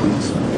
Thank you.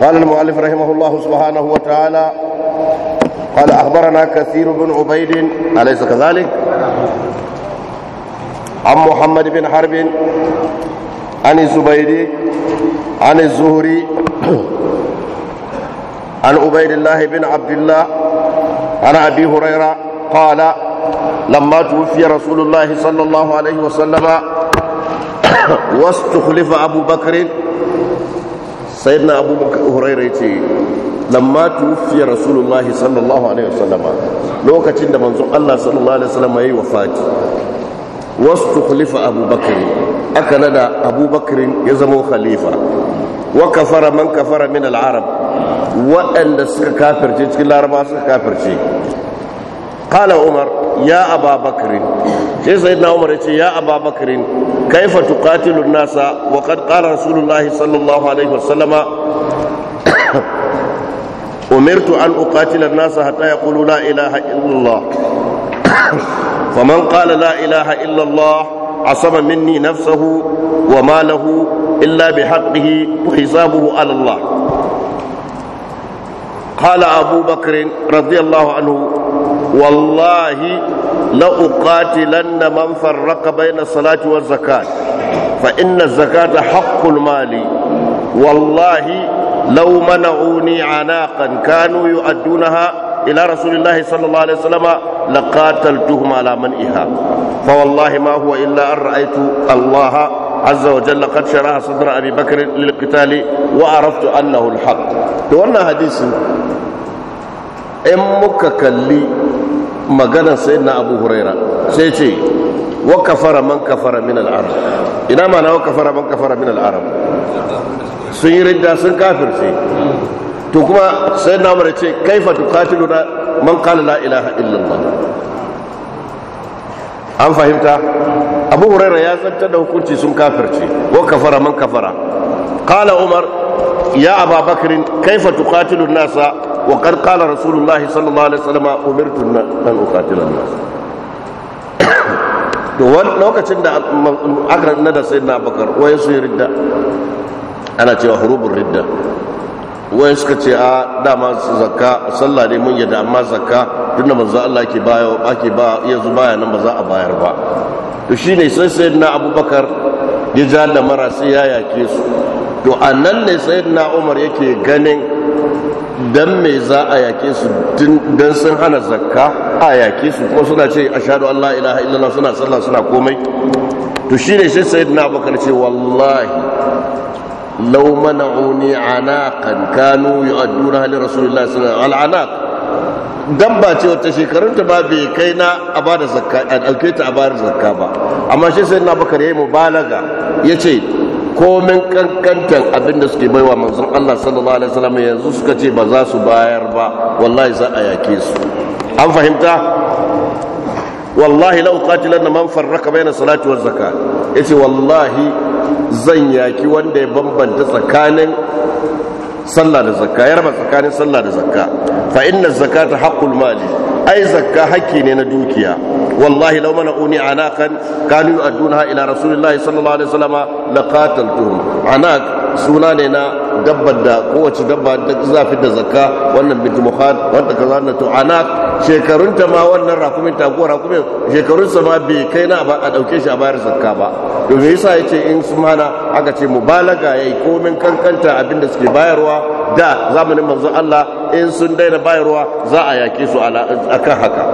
قال المؤلف رحمه الله سبحانه وتعالى قال أخبرنا كثير بن عبيد أليس كذلك عن محمد بن حرب عن الزبيدي عن الزهري عن عبيد الله بن عبد الله عن أبي هريرة قال لما توفي رسول الله صلى الله عليه وسلم واستخلف أبو بكر sayyidina abubakar hurairah ce lamma tufiya rasulullah sallallahu alaihi wasallam lokacin da manzon Allah sallallahu alaihi wasallam yayi wafati wasu khalifa abubakar aka nada abubakar ya zama khalifa wa kafara man kafara min al-arab waɗanda suka kafirce cikin larabawa suka kafirce qala umar ya ababakrin sai sayyidina umar ce ya ababakrin kaifa tuqatilu nasa wa qad qala rasulullahi sallallahu alaihi wasallama umirtu an uqatila nasa hatta yaqulu la ilaha illallah faman qala la ilaha illallah asama minni nafsahu wa malahu illa bihaqqihi hisabuhu ala allah قال أبو بكر radiyallahu anhu. wallahi la uqatilanna man farraqa bayna salati wa zakat fa inna zakata haqqul mali wallahi law mana'uni anaqan kanu yu'addunaha ila rasulillahi sallallahu alaihi wasallam laqataltuhum ala man'iha fa wallahi ma huwa illa an ra'aytu Allah azza wa jalla qad sharaha sadra abi bakr lil qitali wa araftu annahu al haqq to wannan hadisi in muka kalli maganar na abu huraira sai ce wa kafara man kafara min al'arab ina ina mana wa kafara man kafara min al'arab sun yi ridda sun sai to kuma na umar ce kaifa tuqatiluna man kala la ilaha illallah an fahimta abu huraira ya zanta da hukunci sun ce wa kafara man kafara kala umar ya bakirin kaifa tuqatilu an-nasa Wa قال رسول الله صلى الله عليه وسلم أمرت أن أقاتل الناس lokacin da aka nada sai na bakar waye su ridda ana cewa hurubun ridda waye suka ce a dama zakka sallah ne mun yadda amma zakka tunda manzo Allah ke baya ake ba yanzu baya nan ba za a bayar ba to shine sai sai na abubakar ya ja da mara sai ya yake su to anan ne sai umar yake ganin dan me za a yake su dan sun hana zakka a yake su kuma suna ce ashadu Allah ilaha illallah suna sallah suna komai to shine sai sayyidina abubakar ce wallahi لو منعوني عناقا kanu a لرسول الله صلى الله عليه dan ba ce wata shekarun ta ba bai kai na a bada zakka a dauke a bada zakka ba amma shi sai na bakar yayi mubalaga yace komin kankantan abinda suke baiwa manzon Allah sallallahu alaihi wasallam yanzu suka ce ba za su bayar ba wallahi za a yake su an fahimta wallahi la uqatilanna man farraka baina salati wa zakat yace wallahi zan yaki wanda ya bambanta tsakanin sallah da zakka ya raba tsakanin sallah da zakka fa inna zakata haqqul mali ai zakka hakki ne na dukiya wallahi law mana'uni anaqan kanu yu'adduna ila rasulillahi sallallahu alaihi wasallam laqataltuhum anaq suna ne na dabbar da kowace dabba da zafi da zakka wannan bintu muhad wanda kaza wannan to anak shekarun ta ma wannan rakumin ta ko rakumin shekarun sa ma bai kai na ba a dauke shi a bayar zakka ba to me yasa yace in su mana aka ce mubalaga yayi komin kankanta abinda suke bayarwa da zamanin manzo Allah in sun daina bayarwa za a yake su akan haka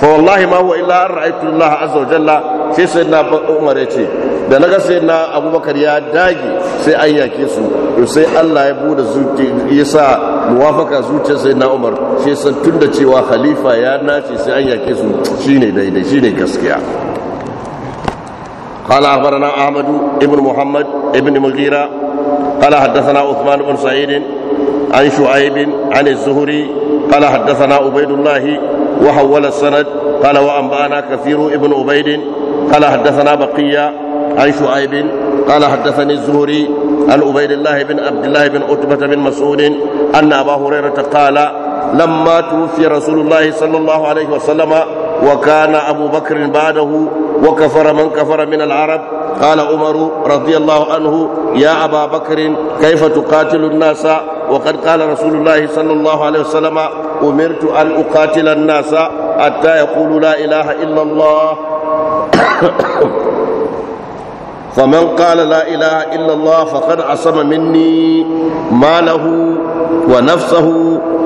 fa wallahi ma huwa illa ar ra'aytu Allah azza wa jalla sai sai na umar ya ce da na ga na abubakar ya dage sai an yake su to sai allah ya bude zuci ya sa muwafaka zuciyar sai na umar sai san tun da cewa khalifa ya nace sai an yake su shine daidai shine gaskiya قال أخبرنا أحمد ابن محمد ابن مغيرة قال حدثنا عثمان بن سعيد عن شعيب عن الزهري قال حدثنا عبيد الله وحول السند قال وأنبأنا كثير ابن عبيد قال حدثنا بقية عن شعيب قال حدثني الزهري عن عبيد الله بن عبد الله بن عتبة بن مسعود أن أبا هريرة قال لما توفي رسول الله صلى الله عليه وسلم وكان أبو بكر بعده وكفر من كفر من العرب قال عمر رضي الله عنه يا أبا بكر كيف تقاتل الناس وقد قال رسول الله صلى الله عليه وسلم أمرت أن أقاتل الناس حتى يقولوا لا إله إلا الله فمن قال لا اله الا الله فقد عصم مني ماله ونفسه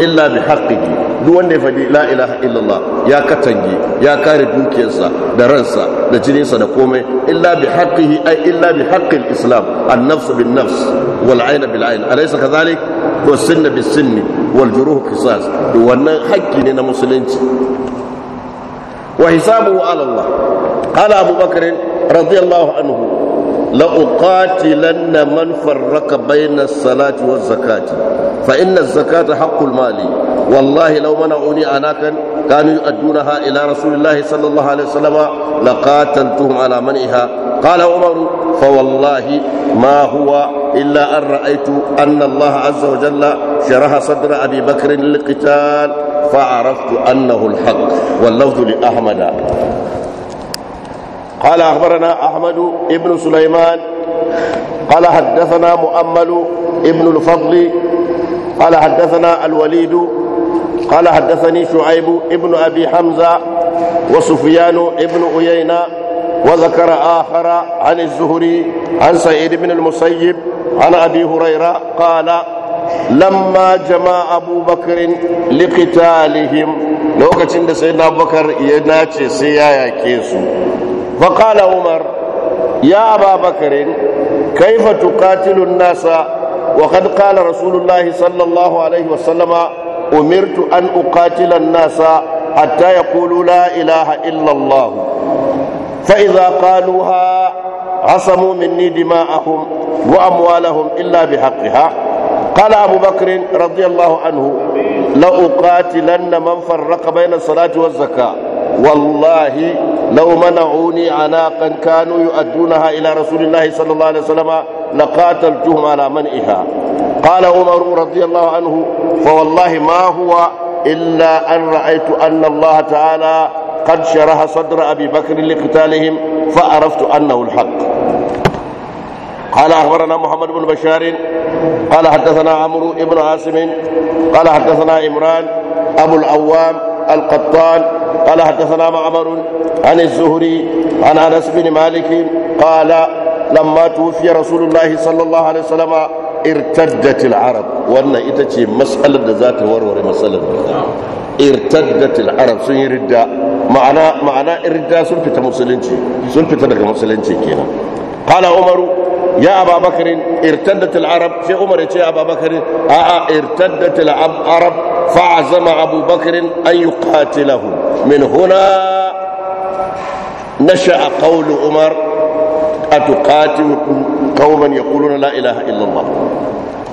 الا بحقه duk wanda ya faɗi la ilaha illallah ya katange ya kare dukiyarsa da ransa da jininsa da komai illa bi haqqihi islam an nafs bin nafs wal ayn bil ayn alaysa kadhalik wa sunna bis sunni wal juruh qisas duk wannan haƙƙi ne na musulunci wa hisabu ala قال أبو بكر رضي الله عنه لأقاتلن من فرق بين الصلاة والزكاة فإن الزكاة حق المال والله لو منعوني أناكا كانوا يؤدونها إلى رسول الله صلى الله عليه وسلم لقاتلتهم على منعها قال عمر فوالله ما هو إلا أن رأيت أن الله عز وجل شرح صدر أبي بكر للقتال فعرفت أنه الحق واللفظ لأحمد قال أخبرنا أحمد ابن سليمان قال حدثنا مؤمل ابن الفضل قال حدثنا الوليد قال حدثني شعيب ابن أبي حمزة وسفيان ابن أيينة وذكر آخر عن الزهري عن سعيد بن المسيب عن أبي هريرة قال لما جمع أبو بكر لقتالهم لو كتند سيدنا أبو بكر يناتي سيايا كيسو فقال عمر يا أبا بكر كيف تقاتل الناس وقد قال رسول الله صلى الله عليه وسلم أمرت أن أقاتل الناس حتى يقولوا لا إله إلا الله فإذا قالوها عصموا مني دماءهم وأموالهم إلا بحقها قال أبو بكر رضي الله عنه لأقاتلن من فرق بين الصلاة والزكاة والله لو منعوني عناقا كانوا يؤدونها إلى رسول الله صلى الله عليه وسلم لقاتلتهم على منعها قال عمر رضي الله عنه فوالله ما هو إلا أن رأيت أن الله تعالى قد شرح صدر أبي بكر لقتالهم فعرفت أنه الحق قال أخبرنا محمد بن بشار قال حدثنا عمرو بن عاصم قال حدثنا عمران أبو العوام القطان قال حدثنا معمر عن الزهري عن انس بن مالك قال لما توفي رسول الله صلى الله عليه وسلم ارتدت العرب وانا اتتي مسألة ذات ورور مسألة ارتدت العرب سن ردا معنى معنى اردا سلفة مسلنتي سلفة لك مسلنتي كينا قال عمر ya ababakari irtaddatul arab sai umar ya ce ababakari a a irtaddatul arab fa azama abubakari an yi qatilahu min huna nasha a qawlu umar a tuqatilukum qauman yaquluna la ilaha illallah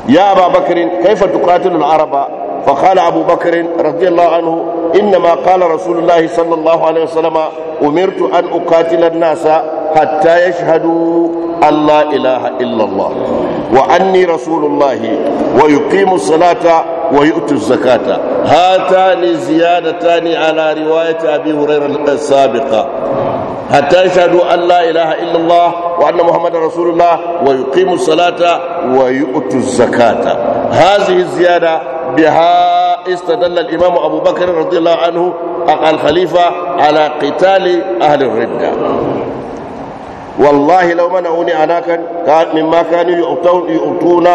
ya ababakari kaifa tuqatilul araba fa qala abubakari radiyallahu anhu inna ma qala rasulullahi sallallahu alaihi wasallama umirtu an uqatila an-nasa hatta ya shahadu Allah ilaha illallah wa anni rasulullahi wa yuqimu salata wa yu'tu zakata hatani ziyadatani ala riwayati abi hurairah as-sabiqa حتى يشهدوا أن لا إله إلا الله وأن محمد رسول الله ويقيموا الصلاة ويؤتوا الزكاة هذه الزيادة بها استدل الإمام أبو بكر رضي الله عنه الخليفة على قتال أهل الردة والله لو منعوني عناكا مما كانوا يؤتون يؤتون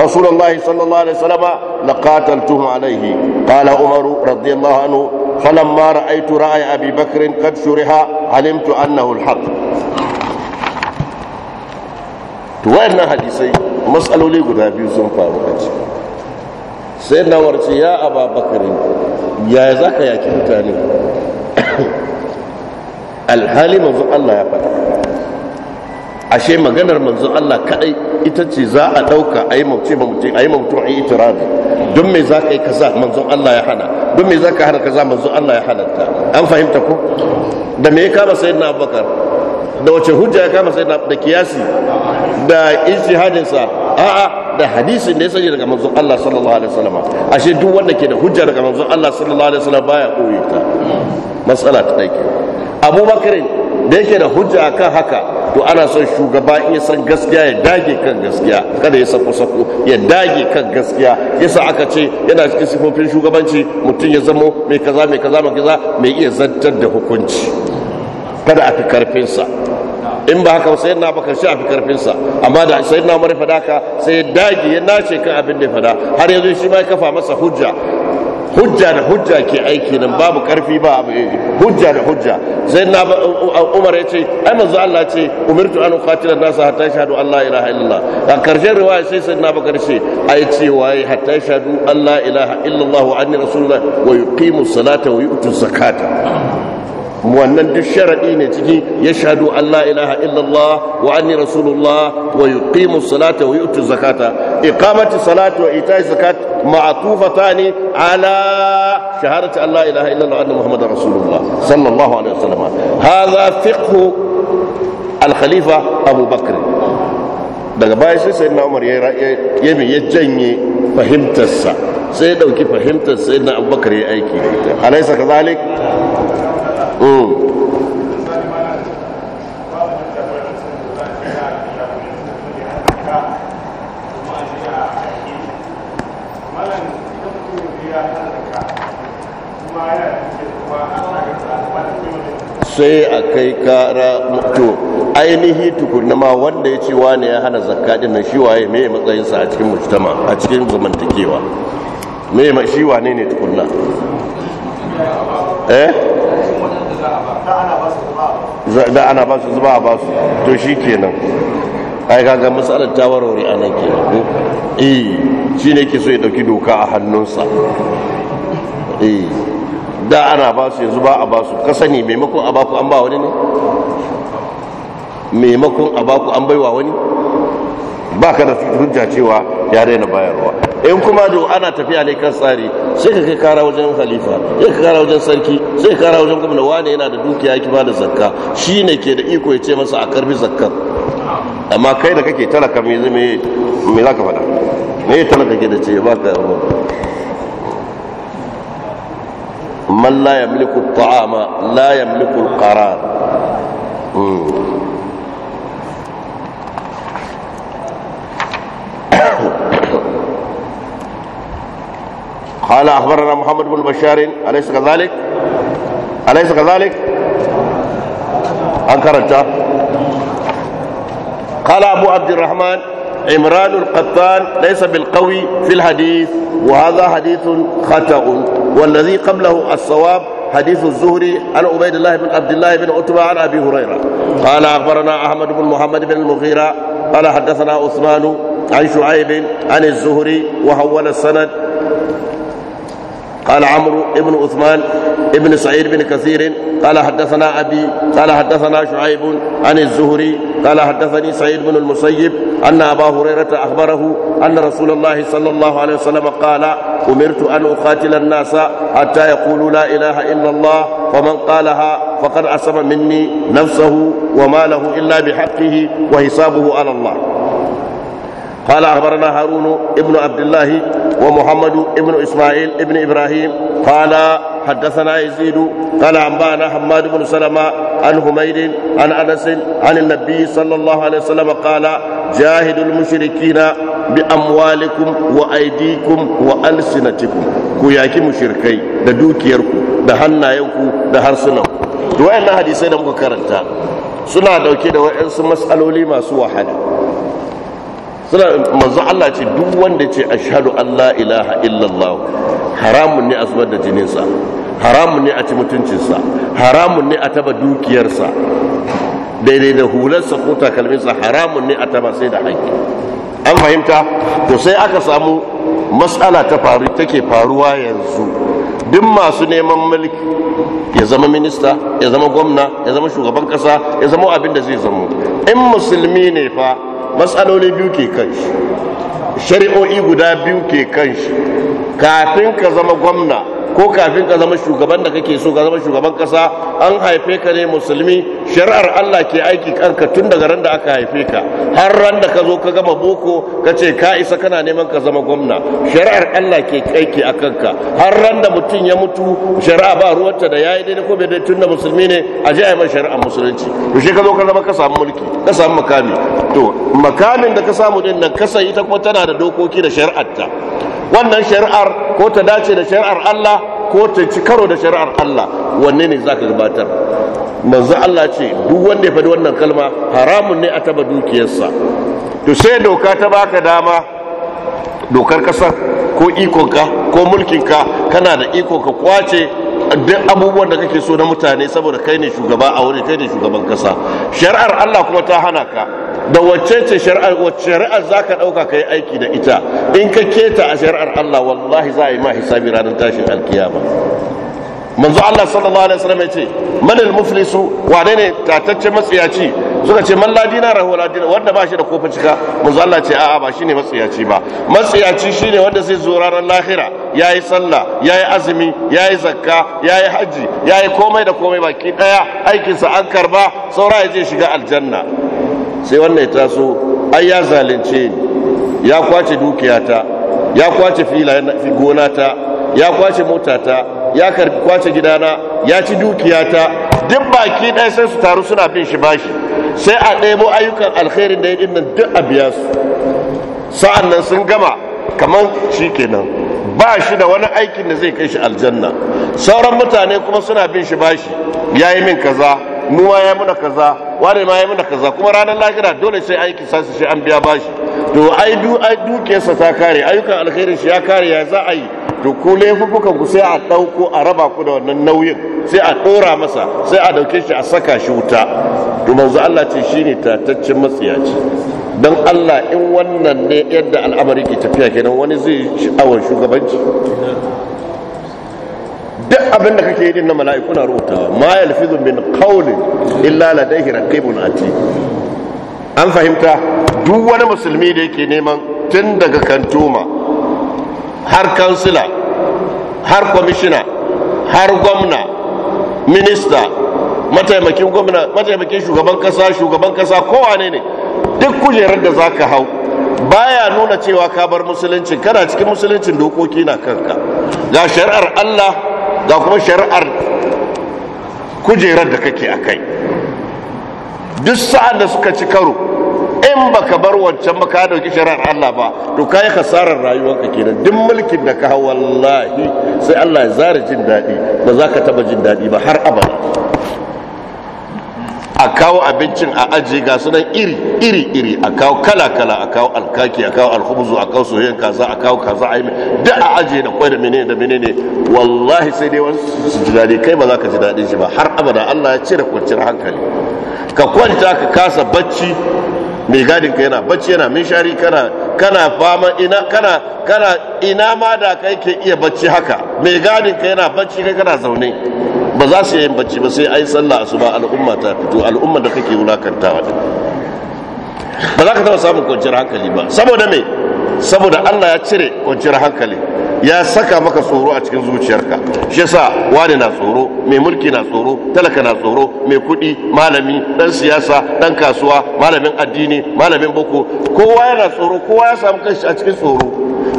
رسول الله صلى الله عليه وسلم لقاتلتهم عليه قال عمر رضي الله عنه فلما رأيت رأي أبي بكر قد شرح علمت أنه الحق وإن حديثي مسألة لي قد أبي زنفا سيدنا عمر يا أبا بكر يا زكا يا كنتاني الحالي منظر الله يا فتح ashe maganar manzon Allah kadai ita ce za a dauka ayi mauce ba mutum ayi mautu ayi itirazi don me za ka yi kaza manzon Allah ya hana don me za ka hana kaza manzon Allah ya halatta an fahimta ko da me ya kama sayyidina Abubakar da wace hujja ya kama sayyidina da kiyasi da ijtihadin sa a'a da hadisin da ya sanya daga manzon Allah sallallahu alaihi wasallam ashe duk wanda ke da hujja daga manzon Allah sallallahu alaihi wasallam baya koyi ta matsala ta dake Abubakar da yake da hujja akan haka to ana son shugaba in ya san gaskiya ya dage kan gaskiya kada ya sako sako ya dage kan gaskiya yasa aka ce yana cikin sifofin shugabanci mutum ya zamo mai kaza mai kaza mai kaza mai iya zantar da hukunci kada a fi sa in ba haka sai na baka shi a fi karfinsa amma da sai na mara fada ka sai ya dage ya nace kan abin da fada har yanzu shi ma ya kafa masa hujja hujja da hujja ke aiki nan babu karfi ba eh, hujja da hujja sai na umar ya ce ai manzo Allah ce umirtu an qatila nasa hatta shahadu Allah ilaha illallah a karshen riwaya sai sai na bakar ce ai ce waye hatta shahadu Allah ilaha illallah wa anni rasulullah wa yuqimu salata wa yu'tu zakata wannan duk sharadi ne ciki ya shahadu Allah ilaha illallah wa anni rasulullah wa yuqimu salata wa yu'tu zakata iqamati salati wa ita'i zakat ma'tufatani ala shahadati Allah ilaha illallah anna muhammadar rasulullah sallallahu alaihi wasallam hadha fiqhu al-khalifa abu bakr daga baya sai sayyidina umar ya ya janye fahimtarsa sai ya dauki fahimtar sayyidina abubakar ya aiki alaisa kazalik Mm. sai a kai kara mutu ainihi tukunna ma wanda ya ce ne ya hana zakka na nan shi waye me matsayinsa a cikin mujtama a cikin zamantakewa me mashiwa shi wane ne tukunna eh da ana ba su zuba a ba su to shi kenan ai kaga matsalar ta warware a nan kenan ko eh shi ne ke so ya dauki doka a hannunsa eh da ana ba su yanzu ba a ba su ka sani maimakon a ku an ba wani ne maimakon a ba ku an baiwa wani ba ka da hujja cewa ya daina bayarwa in kuma da ana tafiya ne kan tsari sai ka kai kara wajen halifa sai ka kara wajen sarki sai ka kara wajen gwamna wane yana da dukiya ki ba da zakka shine ke da iko ya ce masa a karbi zakkar. amma kai da kake talaka me me me zaka faɗa me talaka ke da ce ba ka man la yamliku at-ta'ama la yamliku al-qarar hmm. قال أخبرنا محمد بن بشار أليس كذلك أليس كذلك أنكرت قال أبو عبد الرحمن عمران القطان ليس بالقوي في الحديث وهذا حديث خطأ والذي قبله الصواب حديث الزهري عن عبيد الله بن عبد الله بن عتبة عن أبي هريرة قال أخبرنا أحمد بن محمد بن المغيرة قال حدثنا عثمان عن شعيب عن الزهري وحول السند قال عمرو بن عثمان بن سعيد بن كثير قال حدثنا أبي قال حدثنا شعيب عن الزهري قال حدثني سعيد بن المسيب أن أبا هريرة أخبره أن رسول الله صلى الله عليه وسلم قال أمرت أن أقاتل الناس حتى يقولوا لا إله إلا الله فمن قالها فقد عصم مني نفسه وماله إلا بحقه وحسابه على الله قال أخبرنا هارون ابن عبد الله ومحمد ابن إسماعيل ابن إبراهيم قال حدثنا يزيد قال أنبأنا حماد بن سلمة عن حميد عن أنس عن النبي صلى الله عليه وسلم قال جاهدوا المشركين بأموالكم وأيديكم وألسنتكم كياكي مشركي da dukiyarku da hannayenku da harsunanku da wayannan hadisai da muka karanta suna dauke da wayansu mas'aloli masu wahala suna manzo Allah ce duk wanda ce ashhadu Allah ilaha illallah haramun ne a zubar da jininsa haramun ne a ci mutuncinsa haramun ne a taba dukiyarsa daidai da hularsa ko takalminsa haramun ne a taba sai da haƙƙi an fahimta to sai aka samu matsala ta faru take faruwa yanzu duk masu neman mulki ya zama minista ya zama gwamna ya zama shugaban ƙasa ya zama abin da zai zama in musulmi ne fa matsaloli biyu ke kan shari'o'i guda biyu ke kan shi kafin ka zama gwamna ko kafin ka zama shugaban da kake so ka zama shugaban kasa an haife ka ne musulmi shari'ar Allah ke aiki kanka tun daga ran da aka haife ka har ran da ka zo ka gama boko ka ce ka isa kana neman ka zama gwamna shari'ar Allah ke aiki a kanka har ran da mutum ya mutu shari'a ba ruwanta da yayi daidai ko bai daidai tun da musulmi ne a je a yi shari'ar musulunci to shi ka zo ka zama ka samu mulki ka samu makami to makamin da ka samu din nan kasa ita kuma tana da dokoki da shari'arta wannan shari'ar ko ta dace da shari'ar Allah ko ta ci karo da shari'ar Allah wanne ne zaka gabatar manzo Allah ce duk wanda ya faɗi wannan kalma haramun ne a taba dukiyarsa to sai doka ta baka dama dokar kasar ko ikonka ko mulkin ka, kana da iko ka kwace duk abubuwan da kake so na mutane saboda kai ne shugaba a wuri kai ne shugaban kasa shari'ar Allah kuma ta hana ka da wacce ce shari'ar wacce shari'ar zaka dauka kai aiki da ita in ka keta a shari'ar Allah wallahi za a yi ma hisabi ranar tashin alkiyama manzo Allah sallallahu alaihi wasallam ya ce manal muflisu wane ne tatacce matsiyaci suka ce man ladina rahu ladina wanda ba shi da kofi cika manzo Allah ce a'a ba shine matsiyaci ba matsiyaci shine wanda zai zo ranar lahira yayi sallah yayi azumi yayi zakka yayi haji yayi komai da komai baki daya aikin sa an karba saura ya je shiga aljanna sai wannan ya taso ai ya zalunce ya kwace dukiyata ya kwace filayen gonata ya kwace motata ya karbi kwace gidana ya ci dukiyata duk baki ɗaya sai su taru suna bin shi bashi sai a ɗebo ayyukan alkhairin da ya ɗin nan duk a biya su sa'an nan sun gama kamar shi kenan ba shi da wani aikin da zai kai shi aljanna sauran mutane kuma suna bin shi bashi ya yi min kaza nuwa ya muna kaza wane ma ya muna kaza kuma ranar lahira dole sai aiki sasu shi an biya bashi to ai dukiyarsa ta kare ayyukan alkhairin shi ya kare ya za a yi to ku laifuka ku sai a ɗauko a raba ku da wannan nauyin sai a ɗora masa sai a ɗauke shi a saka shi wuta to manzo Allah ce shine tataccen matsiyaci don Allah in wannan ne yadda al'amari ke tafiya kenan wani zai ci awon shugabanci duk abin da kake yi na mala'iku na rubutawa ma yalfizu min qawli illa ladayhi raqibun ati an fahimta duk wani musulmi da yake neman tun daga kantoma har kansila har kwamishina har gwamna minista mataimakin gwamna mataimakin shugaban kasa shugaban kasa kowane ne duk kujerar da zaka hau baya nuna cewa ka bar musulunci kana cikin musuluncin dokoki na kanka ga shari'ar Allah ga kuma shari'ar kujerar da kake akai duk sa'an da suka ci karo in ba ka bar wancan ba ka dauki shari'ar Allah ba to ka yi kasarar rayuwarka kenan duk mulkin da ka wallahi sai Allah ya zara jin daɗi ba za ka taba jin daɗi ba har abada a kawo abincin a ajiye ga sunan iri iri iri a kawo kala kala a kawo alkaki a kawo alhubuzu a kawo soyayyen kaza a kawo kaza a yi da a ajiye da kwai da menene da menene wallahi sai dai wasu su ji kai ba za ka ji daɗin shi ba har abada Allah ya ce da kwanciyar hankali ka kwanta ka kasa bacci mai gadin ka yana bacci yana minshari kana kana fama ina kana kana ina ma da kai ke iya bacci haka mai gadin ka yana bacci kai kana zaune ba za su yi bacci ba sai ai sallah asuba al'umma ta fito al'umma da kake wulakantawa din ba za ka taɓa samun kwanciyar hankali ba saboda me saboda Allah ya cire kwanciyar hankali ya saka maka tsoro a cikin zuciyarka shi yasa wani na tsoro mai mulki na tsoro talaka na tsoro mai kudi malami dan siyasa dan kasuwa malamin addini malamin boko kowa yana tsoro kowa ya samu kanshi a cikin tsoro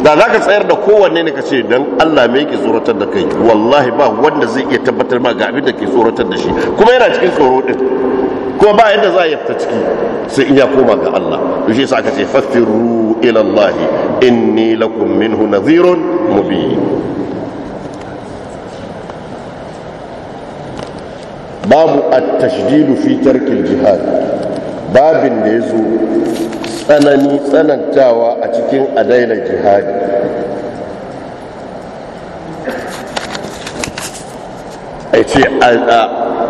da za ka tsayar da kowanne ne ka ce dan Allah me yake tsoratar da kai wallahi ba wanda zai iya tabbatar ma ga abin da ke tsoratar da shi kuma yana cikin tsoro din kuma ba yadda za a yi ta ciki sai in ya koma ga Allah to shi yasa aka ce fafiru إلى الله إني لكم منه نذير مبين babu at-tashdidu fi tarkil jihad babin da zo tsanani tsanantawa a cikin adaila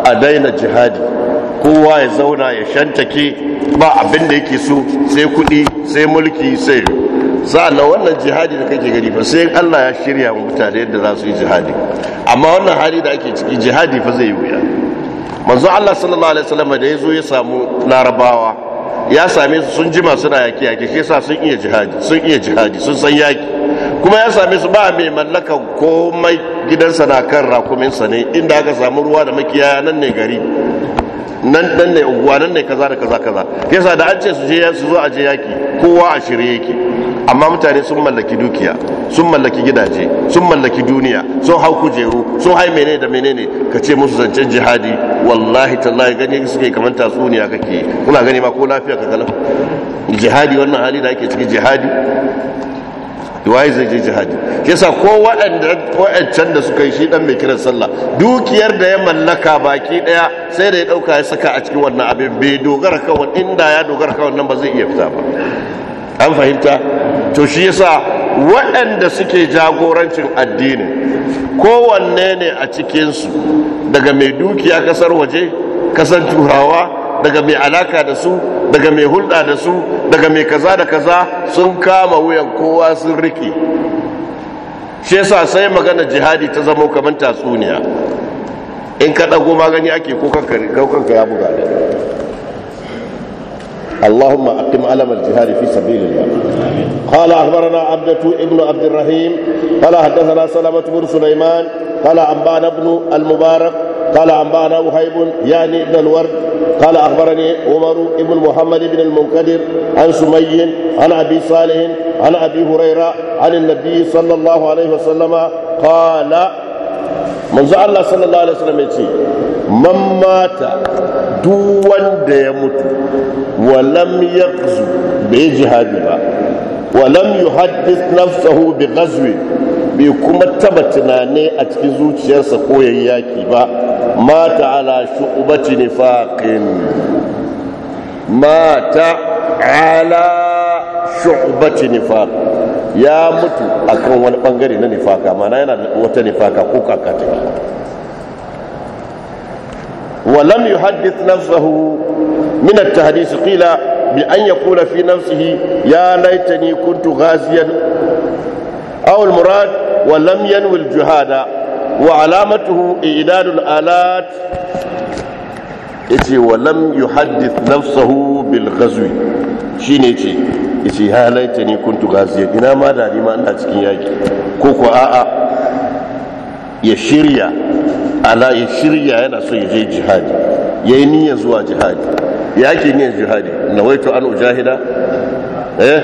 a daina jihadi kowa ya zauna ya shantake ba abin da yake so sai kudi sai mulki sai na wannan jihadi da kake gani fa sai Allah ya shirya mu mutane yadda za su yi jihadi amma wannan hali da ake ciki jihadi fa zai yi wuya manzo Allah sallallahu alaihi wasallam da yazo ya samu larabawa ya same su sun jima suna yaki yaki shi yasa sun iya jihadi sun iya jihadi sun san yaki kuma ya same su ba mai mallaka komai gidansa na kan rakuminsa ne inda aka samu ruwa da makiyaya nan ne gari nan dan ne unguwa nan ne kaza da kaza kaza yasa da an ce su je su zo a je yaki kowa a shirye yake amma mutane sun mallaki dukiya sun mallaki gidaje sun mallaki duniya sun hau kujeru sun hai menene da menene ka ce musu zancen jihadi wallahi tallahi gani suke kamar tatsuniya kake kuna gani ma ko lafiya ka kalam jihadi wannan hali da ake cikin jihadi waye zai je jihadi yasa ko da suka yi shi dan mai kiran sallah dukiyar da ya mallaka baki daya sai da ya dauka ya saka a cikin wannan abin bai dogara kan wani inda ya dogara kan wannan ba zai iya fita ba an fahimta to shi yasa waɗanda suke jagorancin addini kowanne ne a cikinsu daga mai dukiya kasar waje kasar turawa daga mai alaka da su daga mai hulɗa da su daga mai kaza da kaza sun kama wuyan kowa sun riƙe shi sa sai magana jihadi ta zama kamar tatsuniya in ka ɗago magani ake ko kanka ya buga da اللهم أقم علم الجهاد في سبيل الله قال أخبرنا عبدة ابن عبد الرحيم قال حدثنا سلمة بن سليمان قال أنبانا بن المبارك قال أنبانا وهيب يعني ابن الورد قال أخبرني عمر بن محمد بن المنكدر عن سمي عن أبي صالح عن أبي هريرة عن النبي صلى الله عليه وسلم قال manzo Allah sallallahu alaihi wasallam yace man mata duk wanda ya mutu wa lam yaqzu bi jihadi ba walam lam nafsahu bi bai kuma taba tunane a cikin zuciyarsa ko yayyaki ba mata ala shu'ubati nifaqin mata ala shu'ubati nifaq ya mutu akan wani bangare na nifaka mana yana da wata nifaka ko Wa yuhaddith nafsuhu min at ya qila bi an yaqula fi nafsihi ya laitani kuntu ghaziyan aw al murad. ولم ينوي الجهاد وعلامته إعداد الآلات yace walam yuhaddith nafsahu bil ghazwi shine yace yace halaita ni kuntu ghaziya ina ma da ma ina cikin yaki ko ko a'a ya shirya ala ya shirya yana so ya je jihadi yayi niyyar zuwa jihadi yaki niyyar jihadi nawaitu an ujahida eh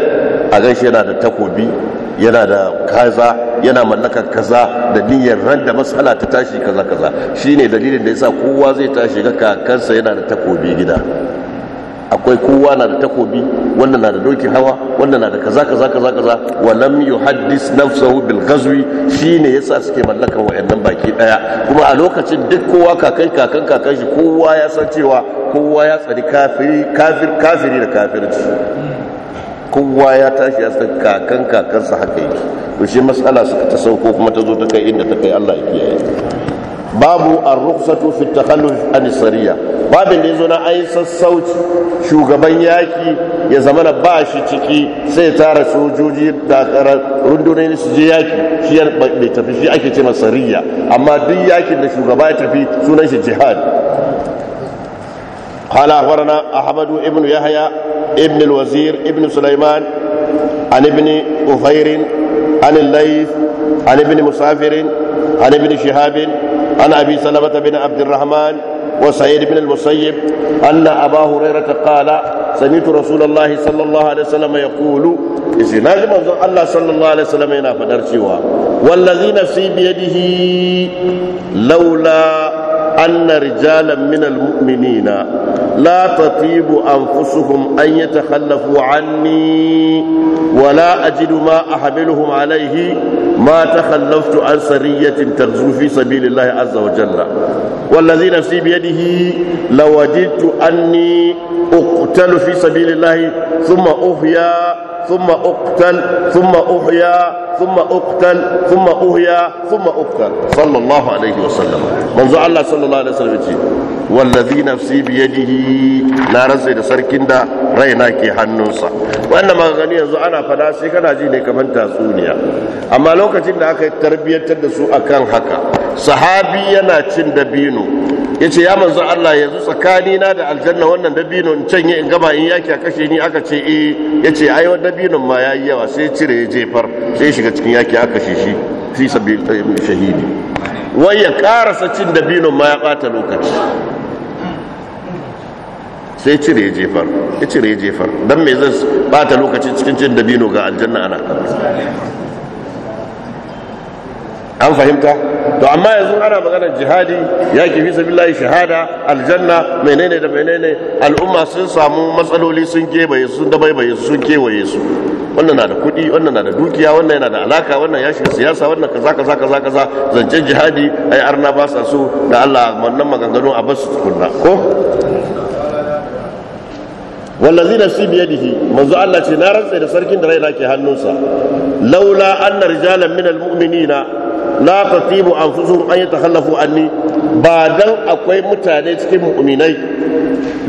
a gaishe yana da takobi yana da kaza yana mallaka kaza da niyyar ran da matsala ta tashi kaza kaza shine dalilin da yasa kowa zai tashi ga kakansa yana da takobi gida akwai kowa na da takobi wanda na da dokin hawa wanda na da kaza kaza kaza kaza wa lam yuhaddis nafsahu bil ghazwi shine yasa suke mallakar wayannan baki daya kuma a lokacin duk kowa kakai kakan kakan shi kowa ya san cewa kowa ya tsari kafiri kafir kafiri da kafirci kowa ya tashi ya san kakan kakansa haka yi, to shi mas'ala suka ta sauko kuma ta zo ta kai inda ta kai Allah ya kiyaye babu ar ruksatu fi takhalluf an sariya babin da yazo na ai sassauci shugaban yaki ya zama na ba shi ciki sai tara sojoji da rundunoyin su je yaki shi bai tafi shi ake ce sariya amma duk yakin da shugaba ya tafi sunan shi jihad قال اخبرنا احمد بن يحيى ابن الوزير ابن سليمان عن ابن أفير عن الليث عن ابن مسافر عن ابن شهاب عن أبي سلمة بن عبد الرحمن وسعيد بن المسيب أن أبا هريرة قال سمعت رسول الله صلى الله عليه وسلم يقول لازم الله صلى الله عليه وسلم ينافدر والذي نفسي بيده لولا anna rijalan min almu'minina la tatibu anfusuhum an yatakhallafu anni wa la ajidu ma ahmiluhum alayhi ma takhallaftu an sariyatin tarzu fi sabilillahi azza wa jalla wallazi nafsi biyadihi lawajidtu anni uqtalu fi sabilillahi thumma uhya thumma uqtal ثم اقتل ثم اهيا ثم اقتل صلى الله عليه وسلم منذ الله صلى الله عليه وسلم والذي نفسي بيده لا رزق sarkin da raina ke hannunsa wannan magani yanzu ana fada sai kana ji ne kamar tatsuniya amma lokacin da aka tarbiyyantar da su akan haka sahabi yana cin dabino ya ce ya manzo Allah yanzu tsakanina da aljanna wannan dabino in canye in gaba in yaki a kashe ni aka ce eh ya ce ai wannan dabinon ma ya yi yawa sai cire ya jefar sai shiga cikin yaki aka kashe shi fi sabil eh, shahidi wai ya karasa cin dabinon ma ya bata lokaci sai cire ya jefar ya cire ya jefar dan me zai bata lokaci cikin cin dabino ga aljanna ana karasa an fahimta to amma yanzu ana maganar jihadi ya fi sabilillahi shahada aljanna menene da menene al'umma sun samu matsaloli sun kebaye sun dabaibaye sun kewaye su wannan na da kuɗi wannan na da dukiya wannan yana da alaka wannan ya shiga siyasa wannan kaza kaza kaza kaza zancen jihadi ai arna ba sa so da Allah wannan maganganu a basu tukunna ko wallazi nafsi biyadihi manzo Allah ce na rantsa da sarkin da raina ke hannunsa laula anna rijalan minal mu'minina la tasibu anfusuhum an yatakhallafu anni ba dan akwai mutane cikin mu'minai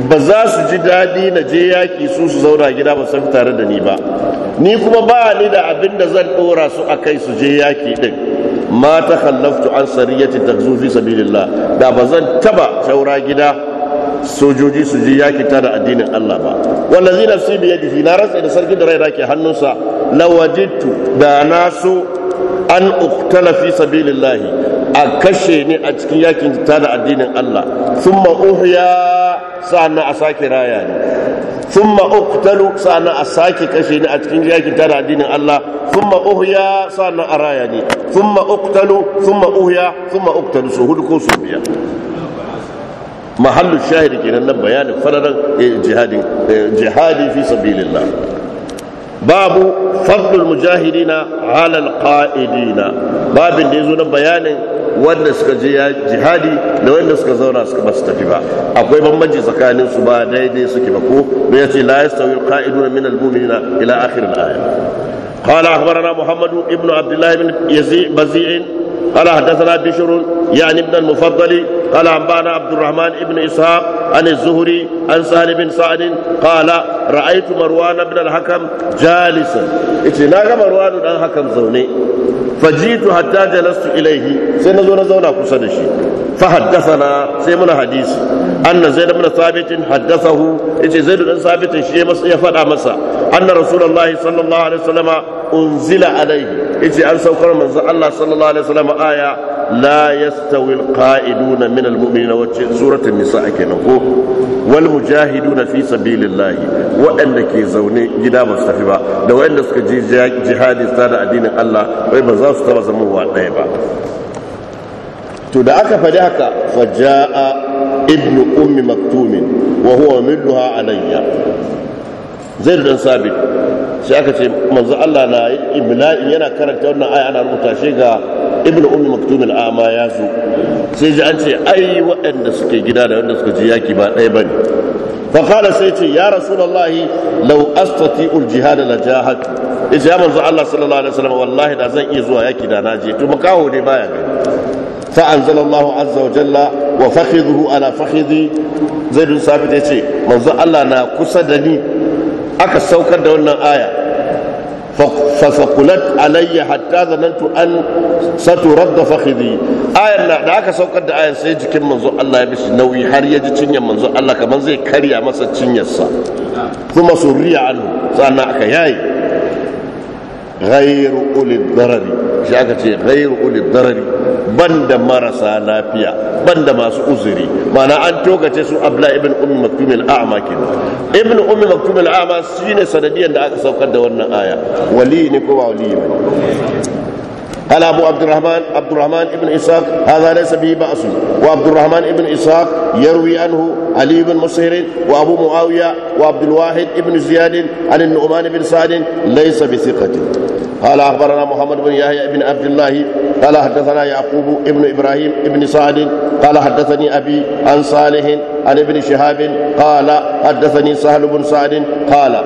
ba za su ji daɗi na je yaƙi su su zauna gida ba san tare da ni ba ni kuma ba ni da abin da zan dora su kai su je yaki din ma kallaftu an sariyati takzu fi sabilillah da ba zan taba shaura gida sojoji su ji yaki ta da addinin Allah ba wallazi nafsi bi yadihi na rantsa da sarki da rai da ke hannunsa lawajidtu da na so an uktala fi sabilillahi a kashe ni a cikin yakin ta da addinin Allah thumma uhya sa'anna a sake raya ni thumma uqtalu sa'anna a sake kashe ni a cikin yakin ta da addinin Allah thumma uhya sa'anna a raya ni thumma uqtalu thumma uhya thumma uktalu, su hudu ko su biya mahallu shahidi kenan nan bayanin fararan eh, jihadi eh, jihadi fi sabilillah babu fadlul mujahidina ala alqaidina babin da yazo na bayanin wanda suka je jihadi da wanda suka zauna suka ba su tafi ba akwai bambanci tsakanin su ba daidai suke ba ko da yace la yastawi alqaiduna min almu'minina ila akhir aya qala akhbarana Muhammadu ibn abdullah ibn yazid bazi'in قال حدثنا بشر يعني ابن المفضل قال أنبانا عبد الرحمن بن إسحاق عن الزهري عن سهل بن سعد قال رأيت مروان بن الحكم جالسا اتناغ مروان بن الحكم زوني فجيت حتى جلست إليه سنزون زونا كسدشي فحدثنا سيمنا حديث أن زيد بن ثابت حدثه إذا زيد بن ثابت شيء يفعل مسا أن رسول الله صلى الله عليه وسلم أنزل عليه yace an saukar manzo Allah sallallahu alaihi wasallam aya la yastawi alqa'iduna min almu'minina surat an nisa kenan ko wal mujahiduna fi sabilillah waɗanda ke zaune gida ba su tafi ba da waɗanda suka je jihadi da addinin Allah bai ba za su taba zamowa ɗaya ba to da aka faɗi haka faja'a ibnu ummi maktumin wa huwa milluha alayya zaid dan sabit sai aka ce manzo Allah na ibla'i yana karanta wannan aya ana rubuta shi ga ibnu ummi maktum al-ama ya zo sai ji an ce ai waɗanda suke gida da waɗanda suka ji yaki ba ɗaya bane fa qala sai ce ya rasulullahi law astati'u al-jihad la jahad idan ya manzo Allah sallallahu alaihi wasallam wallahi da zan iya zuwa yaki da naje to makaho ne baya gani wa الله ana وجل zai على فخذي ce. manzo Allah na kusa da ni. aka saukar da wannan aya فثقلت علي حتى ظننت ان سترد فخذي ayar na da aka saukar da ayar sai jikin manzo Allah ya bishi nauyi har ya ji cinyar manzo Allah kamar zai karya masa sa. kuma surriya anhu sannan aka yayi ghairu ulil darari shi aka ce ghairu ulil darari banda marasa lafiya banda masu uzuri mana an tokace su abla ibn ummi maktum al-a'ma kenan ibn ummi maktum al-a'ma shine sanadiyan da aka saukar da wannan aya wali ne ko wali ne قال أبو عبد الرحمن عبد الرحمن ابن إسحاق هذا ليس به بأس وعبد الرحمن ابن إسحاق يروي عنه علي بن مصير وأبو معاوية وعبد الواحد ابن زياد عن النعمان بن سعد ليس بثقة قال أخبرنا محمد بن يحيى بن عبد الله قال حدثنا يعقوب ابن ابراهيم ابن سعد قال حدثني ابي عن صالح عن ابن شهاب قال حدثني سهل بن سعد قال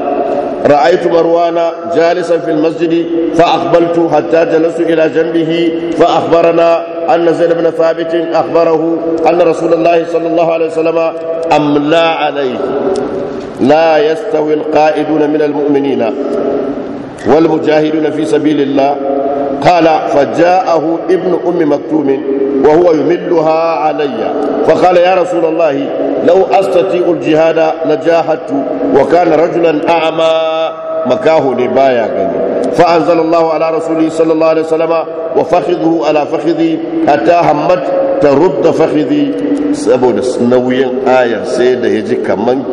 رأيت مروان جالسا في المسجد فأقبلت حتى جلست إلى جنبه فأخبرنا أن زيد بن ثابت أخبره أن رسول الله صلى الله عليه وسلم أملى عليه لا يستوي القائدون من المؤمنين والمجاهدون في سبيل الله قال فجاءه ابن أم مكتوم وهو يملها علي فقال يا رسول الله لو أستطيع الجهاد لجاهدت وكان رجلا أعمى مكاه لبايا غني فأنزل الله على رسوله صلى الله عليه وسلم وفخذه على فخذي حتى همت ترد فخذي سبب نوين آية سيدة يجي كمان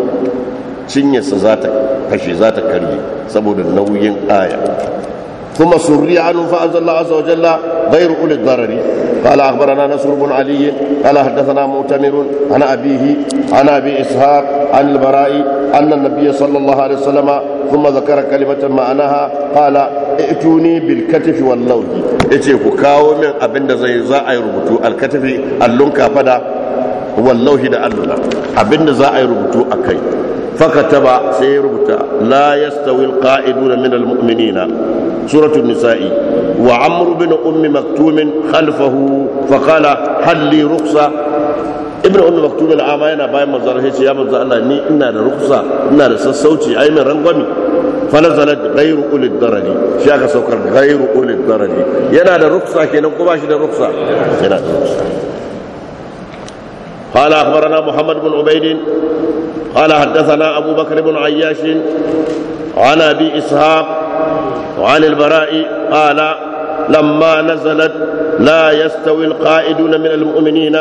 Cinye za ta kashe za ta karye saboda nauyin aya kuma surri a nufa an zalla asa wajen la bayar ulit zarari kala akbar ana nasu rubun aliyu kala haddasa na mutamirun ana abihi ana bi ishaq an albara'i annan nabiya sallallahu alaihi wasallama kuma zakara kalimatar ma'anaha kala ituni bil katifi wallahi yace ku kawo min abin da zai rubutu al katifi allun kafada wallahi da alluna abin da za a yi rubutu a kai فكتب سيربت لا يستوي القائدون من المؤمنين سورة النساء وعمر بن أم مكتوم خلفه فقال هل لي رخصة ابن أم مكتوم العامة أنا باي مزار هيش يا مزار الله ني إنا رخصة إنا رسسوتي أي من رنغمي فنزلت غير أولي الدرج شاك سوكر غير أولي الدرج ينا رخصة كنا كباش رخصة ينا رخصة قال أخبرنا محمد بن عبيد قال حدثنا أبو بكر بن عياش عن أبي إسحاق وعن البراء قال لما نزلت لا يستوي القائدون من المؤمنين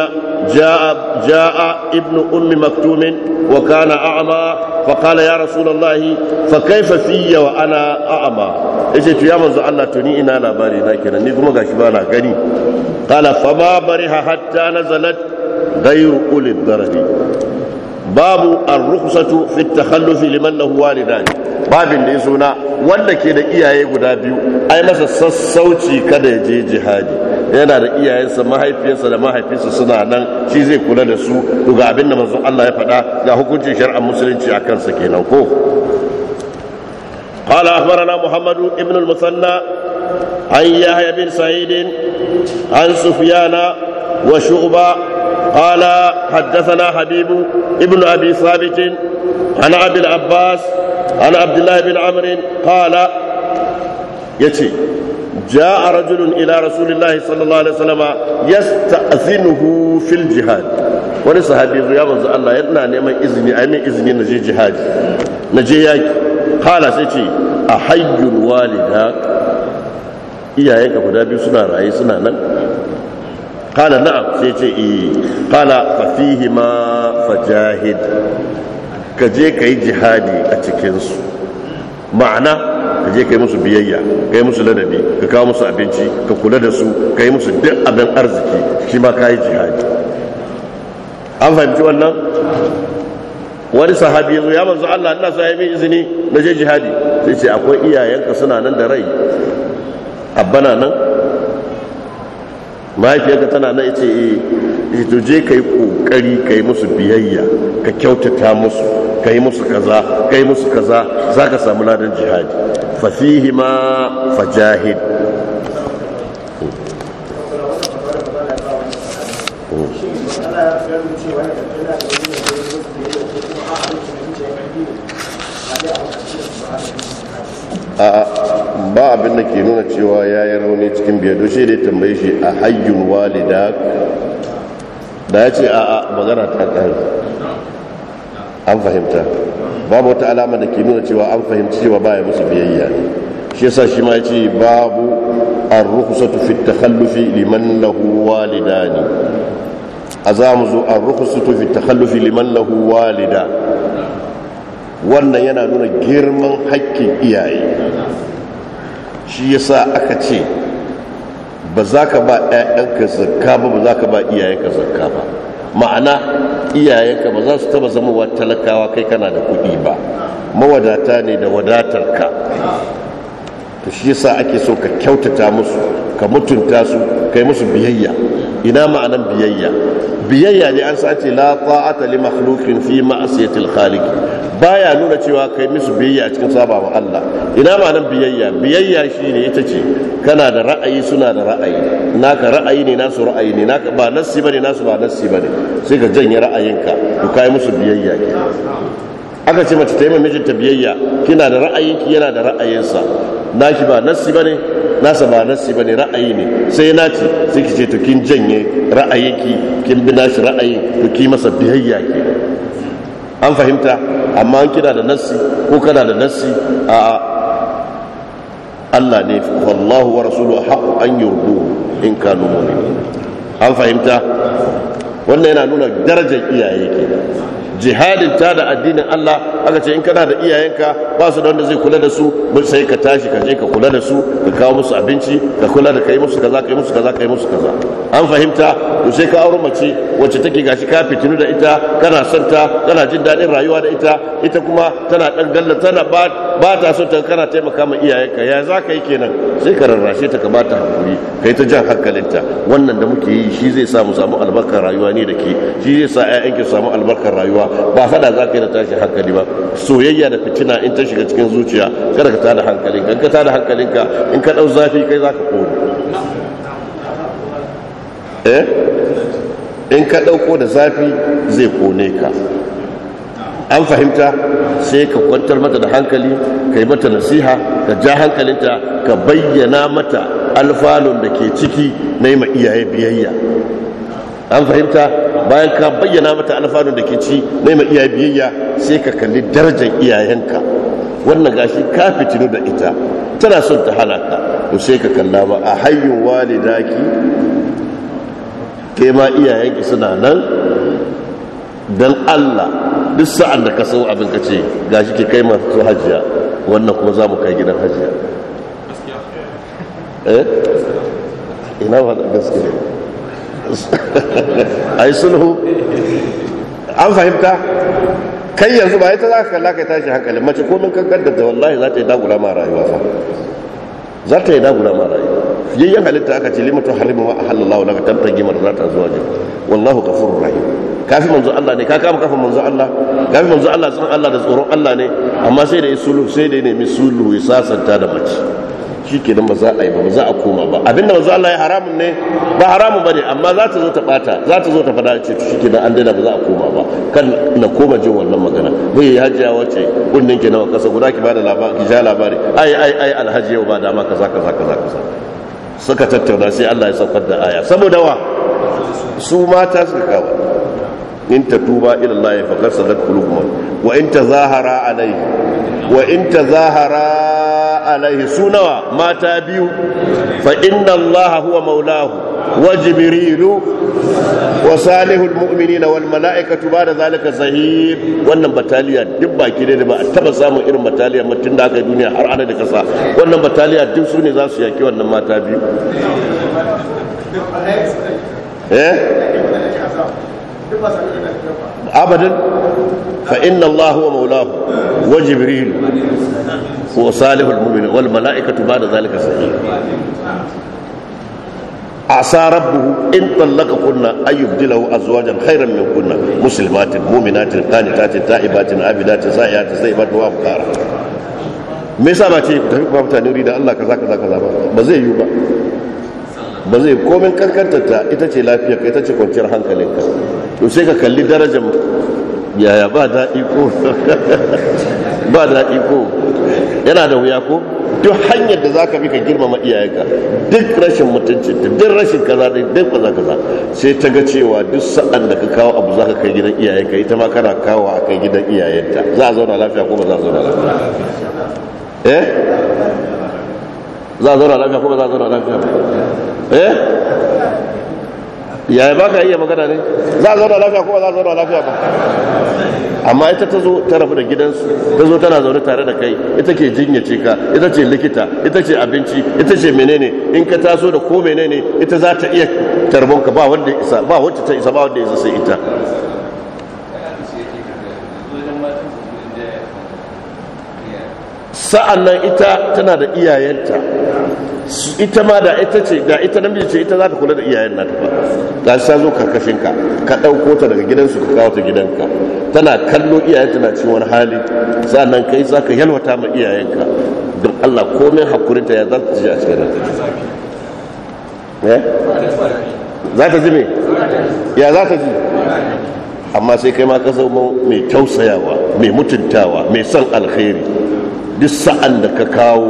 جاء جاء ابن ام مكتوم وكان اعمى فقال يا رسول الله فكيف في وانا اعمى ايش يا منزو الله تني انا لاباري نا كده ني كما غاشي بانا غني قال فما برح حتى نزلت غير أولي babu باب الرخصة في التخلف لمن له والدان babin da suna wanda ke da iyaye guda biyu ai masa sassauci kada ya je jihadi yana da iyayensa mahaifiyarsa da mahaifinsa suna nan shi zai kula da su daga abinda da Allah ya faɗa da hukunci shari'ar musulunci a kansa kenan ko قال muhammadu محمد بن المثنى عن يحيى بن سعيد عن سفيان وشعبة قال حدثنا حبيب ابن ابي ثابت عن ابي العباس عن عبد الله بن عمرو قال يتي جاء رجل الى رسول الله صلى الله عليه وسلم يستاذنه في الجهاد wani sahabi ya manzo Allah yana neman izini a min izini na je jihadi na je yaki kala sai ce a hayyul walida iyayenka guda biyu suna raye suna nan kala na'am sai ce eh kala fafihi ma fajahid ka je ka yi jihadi a cikinsu ma'ana ka je ka yi musu biyayya ka yi musu ladabi ka kawo musu abinci ka kula da su ka yi musu duk abin arziki shi ma ka yi jihadi an fahimci wannan wani sahabi yanzu ya manzo Allah ina so ya izini na je jihadi sai ce akwai iyayenka suna nan da rai bana nan mahaifiyarka tana na ita yi eh, eh, to je kai kokari kai musu biyayya ka kyautata musu kai musu kaza kai musu kaza zaka samu ladan jihadi fa ma fajahid Thank hmm. hmm. a ba abin da ke nuna cewa ya yi rauni cikin biyar shi da tambaye shi a hayyun walida da ya ce a'a magana ta ƙari an fahimta babu wata alama da ke nuna cewa an fahimci cewa ba ya musu biyayya shi sa shi ma ya ce babu an rukusa tufi ta takhallufi liman lahu ne a za mu zo an rukusa tufi ta takhallufi liman lahu walida wannan yana nuna girman haƙƙin iyaye shi yasa aka ce ba za ka ba 'ya'yanka zakka ba ba za ka ba iyayenka zakka ba ma'ana iyayenka ba za su taba zama talakawa kai kana da kuɗi ba mawadata ne da wadatarka to shi yasa ake so ka kyautata musu ka mutunta su kai musu biyayya ina ma'anan biyayya biyayya ne an sace la ta'ata li makhluqin fi ma'siyati al-khaliq baya nuna cewa kai musu biyayya a cikin saba Allah ina ma'anan biyayya biyayya shine ita ce kana da ra'ayi suna da ra'ayi naka ra'ayi ne nasu ra'ayi ne naka ba nassi bane nasu ba nassi bane sai ka janye ra'ayinka to kai musu biyayya aka ce mace ta yi mijinta biyayya kina da ra'ayinki yana da ra'ayinsa nashi ba nassi bane nasa ba nassi bane ra'ayi ne sai na ci, sai ki ce to kin janye ki, kin bi nashi ra'ayi to ki masa biyayya ke an fahimta amma an kina da nassi ko kana da nassi a Allah ne wallahu wa rasuluhu haqqu an yurdu in kanu mu'minin an fahimta wannan yana nuna darajar iyaye kenan jihadin ta da addinin Allah aka ce in kana da iyayenka ba su da wanda zai kula da su sai ka tashi ka je ka kula da su ka kawo musu abinci ka kula da kai musu kaza kai musu kaza kai musu kaza an fahimta to sai ka aure mace wacce take gashi ka fitinu da ita kana son ta kana jin daɗin rayuwa da ita ita kuma tana dan galla tana ba ta so ta kana taimaka ma iyayenka ya za ka yi kenan sai ka rarrashe ta ka ba ta hakuri kai ta jan hankalinta wannan da muke yi shi zai sa mu samu albarkar rayuwa ne da ke shi zai sa 'ya'yanki su samu albarkar rayuwa ba faɗa fada za ka yi da tashi hankali ba soyayya da fitina in ta shiga cikin zuciya kada ka tada hankalinka in ka tada hankalinka in ka dau zafi kai za ka koro eh in ka dauko da zafi zai kone ka an fahimta sai ka kwantar mata da hankali ka yi mata nasiha ka ja hankalinta ka bayyana mata alfalon da ke ciki na yi ma iyaye biyayya an fahimta bayan ka bayyana mata alfanu da ke ci na mai iya biyayya sai ka kalli darajar iyayenka wannan gashi ka fitino da ita tana son ta halaka ko to sai ka kalla ba a hayyun walidaki ke ma iyayenki suna nan don allah duk sa'an da ka sau abin ka ce gashi ke kai masu hajiya wannan kuma za mu kai gidan hajiya eh ina ba gaskiya ai sulhu an fahimta kai yanzu ba ita za ka kalla kai tashi hankali mace komin kankan da wallahi za ta yi dagula ma rayuwa fa za ta yi dagula ma rayuwa yayyan halitta aka ce limatu harimu wa halallahu laka tantan gimar za ta zuwa jiki wallahu ghafurur rahim kafi manzo Allah ne ka kama kafa manzo Allah kafi manzo Allah san Allah da tsoron Allah ne amma sai da isulu sai da ne misulu ya sasanta da mace shi kenan ba za a yi ba za a koma ba abinda manzo Allah ya haramun ne ba haramun bane amma za ta zo ta bata za ta zo ta fada ce shi kenan an daina ba za a koma ba kan na koma jin wannan magana bai hajiya wace kunnin ki nawa kasa guda ki bada labari ki ja labari ai ai ai alhaji yau ba dama kaza kaza kaza kaza suka tattauna sai Allah ya saukar da aya saboda wa su mata suka kawo in ta tuba ila Allah ya faqad qulubuhum wa in tazahara alayhi wa in tazahara alaihi sunawa mata biyu fa inna Allah huwa maulahu wa jibrilu wa salihul mu'minina wal mala'ikatu ba da zalika zahir wannan bataliya duk baki da ba taba samun irin bataliya mutun da aka duniya har ana da kasa wannan bataliya duk su ne za su yaki wannan mata biyu eh أبدا فإن الله هو مولاه وجبريل وصالح المؤمنين والملائكة بعد ذلك سهيل عسى ربه إن طلقكن أن يبدله أزواجا خيرا مسلمات مؤمنات قانتات تائبات عابدات سائحات سيبات me yasa ba ce ku ku mutane wuri da Allah kaza kaza kaza ba ba zai yiwu ba ba zai komin kankantarta ita ce lafiyar ka ita ce kwanciyar hankalinka to sai ka kalli darajar yaya ba daɗi ko ba daɗi ko yana da wuya ko duk hanyar da za ka bi ka girmama iyayenka duk rashin mutunci duk rashin kaza da duk kaza kaza sai ta ga cewa duk sa'an da ka kawo abu za ka kai gidan iyayenka ita ma kana kawo a kai gidan iyayenta za a zauna lafiya ko ba za a zauna lafiya eh za a zauna lafiya ko ba za a zauna lafiya eh yaya ba ka iya magana ne za a zauna lafiya ko ba za a zauna lafiya ba amma ita ta zo ta rafu da gidansu ta zo tana zaune tare da kai ita ke ce ka ita ce likita ita ce abinci ita ce menene in ka taso da ko menene ita za ta iya tarbon ka ba wanda isa ba wacce ta isa ba wanda isa sai ita sa'an nan ita tana da iyayenta ita ma da ita ce da ita namiji ce ita za ta kula da iyayen nata ba ga shi ta zo karkashinka ka ɗauko ta daga gidansu ka kawo ta gidanka tana kallo iyayen tana ci wani hali sa'an nan kai za ka yalwata ma iyayenka don allah komai hakurinta ya za ta ji a cikin rata eh? za ta ya za ta ji amma sai kai ma ka zama mai tausayawa mai mutuntawa mai son alkhairi duk sa'an da ka kawo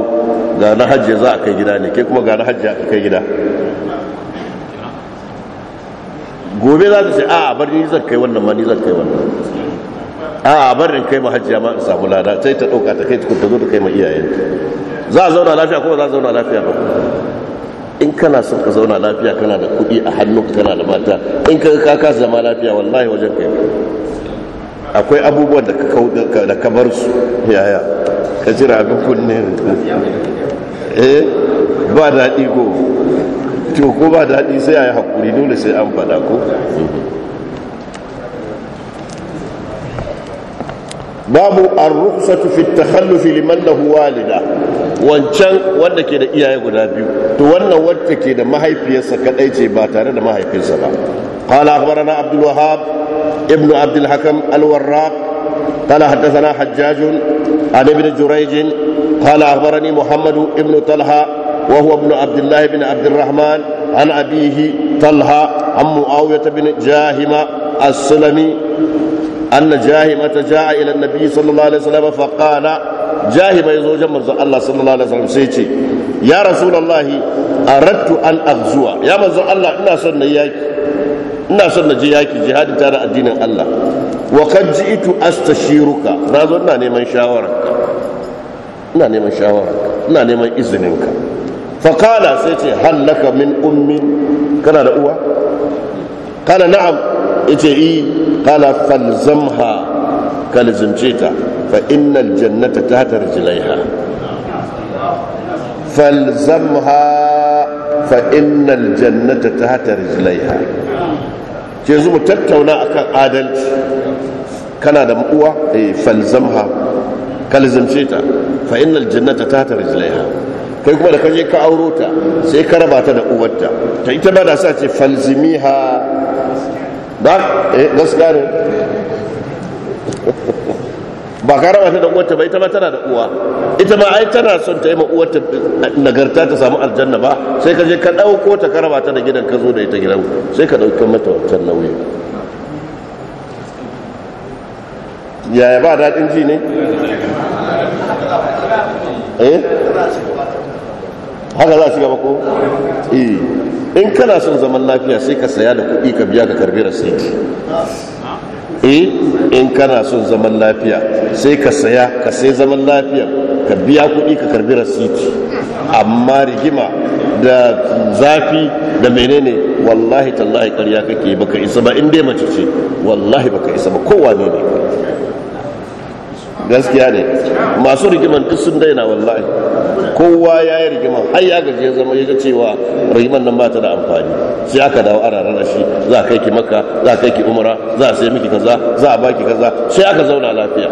ga na hajji za a kai gida ne ke kuma ga na hajji a kai gida gobe za ta ce a bar ni zan kai wannan ma ni zan kai wannan a bar ni kai ma hajji ma in samu lada sai ta ɗauka ta kai tukun ta zo ta kai ma iyayen za a zauna lafiya kuma za a zauna lafiya ba in kana son ka zauna lafiya kana da kuɗi a hannu kana da mata in ka ka zama lafiya wallahi wajen kai akwai abubuwan da ka kamar su yaya ka jira abin kunne eh ba daɗi ko ko ba daɗi sai a yi haƙuri dole sai an faɗa ko babu ar-rukhsatu fi at-takhalluf man lahu walida wancan wanda ke da iyaye guda biyu to wannan wanda ke da mahaifiyarsa kadai ce ba tare da mahaifinsa ba قال أخبرنا عبد الوهاب ابن عبد الحكم الوراق قال حدثنا حجاج عن ابن جريج قال أخبرني محمد ابن طلحة وهو ابن عبد الله بن عبد الرحمن عن أبيه طلحة عن معاوية بن جاهمة السلمي أن جاهمة جاء إلى النبي صلى الله عليه وسلم فقال جاهمة يزوج من الله صلى الله عليه وسلم سيتي يا رسول الله أردت أن أغزو يا من الله إنا سنة ياكي ina son na je yaki jihadi tare addinin Allah wa kad ji'tu astashiruka na zo ina neman shawara ina neman shawara ina neman izininka fa qala sai ce hallaka min ummi kana da uwa kana na'am yace i qala falzamha kalzimce ta fa innal jannata tahta rijlaiha falzamha fa innal jannata tahta rijlaiha yanzu mu tattauna akan adalci kana da uwa eh falzamha kalzamce ta fa innal jannata tahta rijlaiha kai kuma da kaje ka auro ta sai ka raba ta da uwarta ta ita ba da sa ce falzimiha ba eh gaskiya ne ba ka raba ta da uwarta ba ita ma tana da uwa ita ma ai tana son ta yi ma uwarta nagarta ta samu aljanna ba sai ka je ka ɗauko ta ka raba ta da gidan ka zo da ita gidan sai ka dauki mata wancan nauyi yaya ba daɗin ji ne eh haka za su gaba ko eh in kana son zaman lafiya sai ka saya da kuɗi ka biya ka karbi rasiti Eh, in kana son zaman lafiya sai ka saya ka sai zaman lafiya ka biya kuɗi ka karbi rasiti amma rigima da zafi da menene wallahi tallahi ƙarya kake baka isa ba in dai mace ce wallahi baka isa ba kowa ne ne gaskiya ne masu rigiman duk sun daina wallahi kowa ya yi rigima har ya gaje zama ya ga cewa rigiman nan ba ta da amfani sai aka dawo a rana shi za kai ki maka, za kai ki umara za a sai miki kaza za a baki kaza sai aka zauna lafiya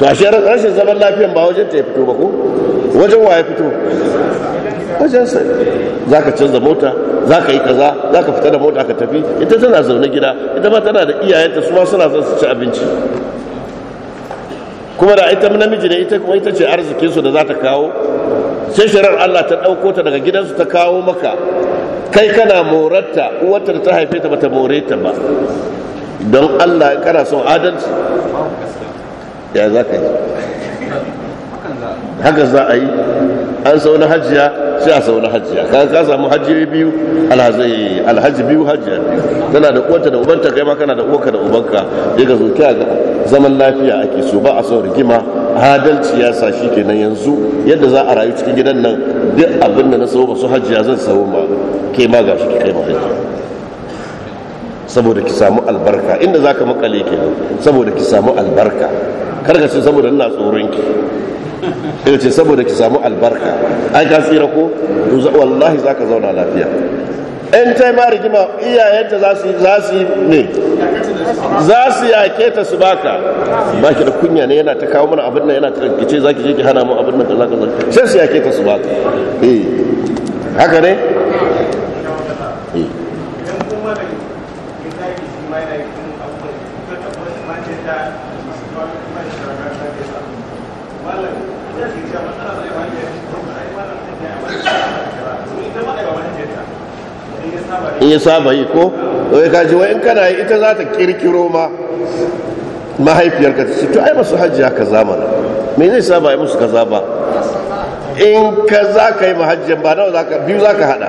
to a rashin zaman lafiyan ba wajen ta ya fito ba ko wajen wa ya fito wajen sai za ka canza mota za ka yi kaza za ka fita da mota ka tafi ita tana zaune gida ita ma tana da iyayenta su ma suna son su ci abinci kuma da ita namiji da ita kuma ita ce arzikinsu da za ta kawo sai shirar Allah ta ɗauko ta daga gidansu ta kawo maka kai kana morarta uwarta da ta haife ta bata more ta ba don Allah kana son adalci ya za ka yi haka za a yi an sauna hajjiya sai a sauna hajjiya kan ka samu hajji biyu alhaji alhaji biyu hajjiya biyu tana da uwanta da ubanta kai ma kana da uwanka da ubanka ya ga kiya ga zaman lafiya ake so ba a son rigima adalci ya sa shi kenan yanzu yadda za a rayu cikin gidan nan duk abin da na sau masu hajjiya zan sau ma kai ma gashi ki kai ma hajjiya saboda ki samu albarka inda za ka makale kenan saboda ki samu albarka kar ce saboda ina tsoron ki sai ce saboda ki samu albarka an ka tsira ko wallahi za ka zauna lafiya in ta ma rigima iyayenta za su yi ne za su yake ta su baka ba ki da kunya ne yana ta kawo mana abin nan yana ta rikice za ki je ki hana mu abin nan ka zai sai su yake ta su baka eh haka ne ya saba yi ko wai kaji wa in kana yi ita za ta kirkiro ma mahaifiyarka ta ce to ai masu hajjiya kaza zamana me zai saba yi musu kaza ba in ka za ka yi mahajjin ba nawa za biyu za ka hada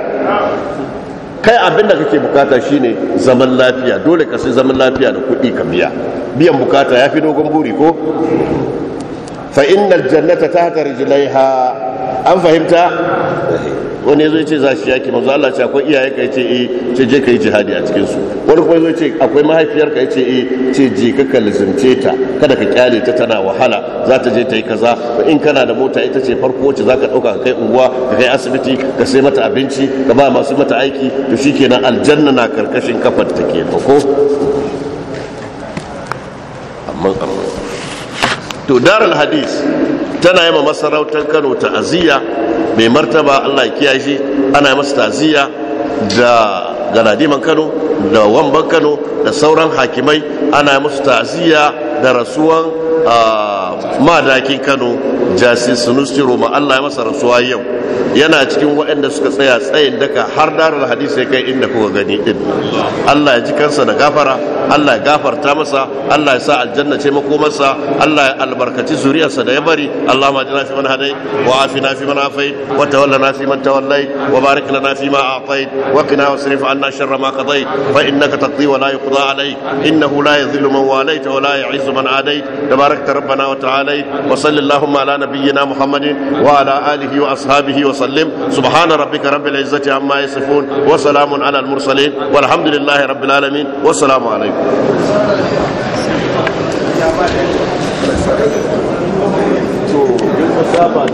kai abin da kake bukata shine zaman lafiya dole ka sai zaman lafiya da kuɗi ka biya biyan bukata ya fi dogon buri ko fa innal jannata tahta rijlaiha an fahimta wani zai ce za shi yaki mazu Allah ce akwai iyaye ka ce eh ce je ka yi jihadi a cikinsu wani kuma zai ce akwai mahaifiyar ka ce eh ce je ka kalzumce ta kada ka kyale ta tana wahala za ta je ta yi kaza in kana da mota ita ce farko wacce ka ɗauka ka kai unguwa ka kai asibiti ka sai mata abinci ka ba masu mata aiki to kenan aljanna na karkashin kafar ta ke ko amma to darul hadis tana yi ma masarautar kano ta'aziyya mai martaba allah ya kiyaye shi ana yi masa ta'aziyya da ganadiman kano da wamban kano da sauran hakimai ana yi musu ta'aziyya da rasuwan ah, madakin kano jasi nusiro roma allah ya masa rasuwa yau yana cikin waɗanda suka tsaya tsayin daka har darar hadisi ya kai inda kuka gani din allah ya ji kansa da gafara allah ya gafarta masa allah ya sa aljanna ce makomarsa allah ya albarkaci zuriyarsa da ya bari allah ma jina man hadai wa afi man afai wa tawalla man tawallai wa barik lana fi ma a'tai wa qina wasrif anna sharra ma fa innaka taqdi wa la yuqda alayk innahu la yadhillu man walayta wa la yu'izzu man tabarakta rabbana wa عليه وصل اللهم على نبينا محمد وعلى آله وأصحابه وسلم سبحان ربك رب العزة عما يصفون وسلام على المرسلين والحمد لله رب العالمين والسلام عليكم to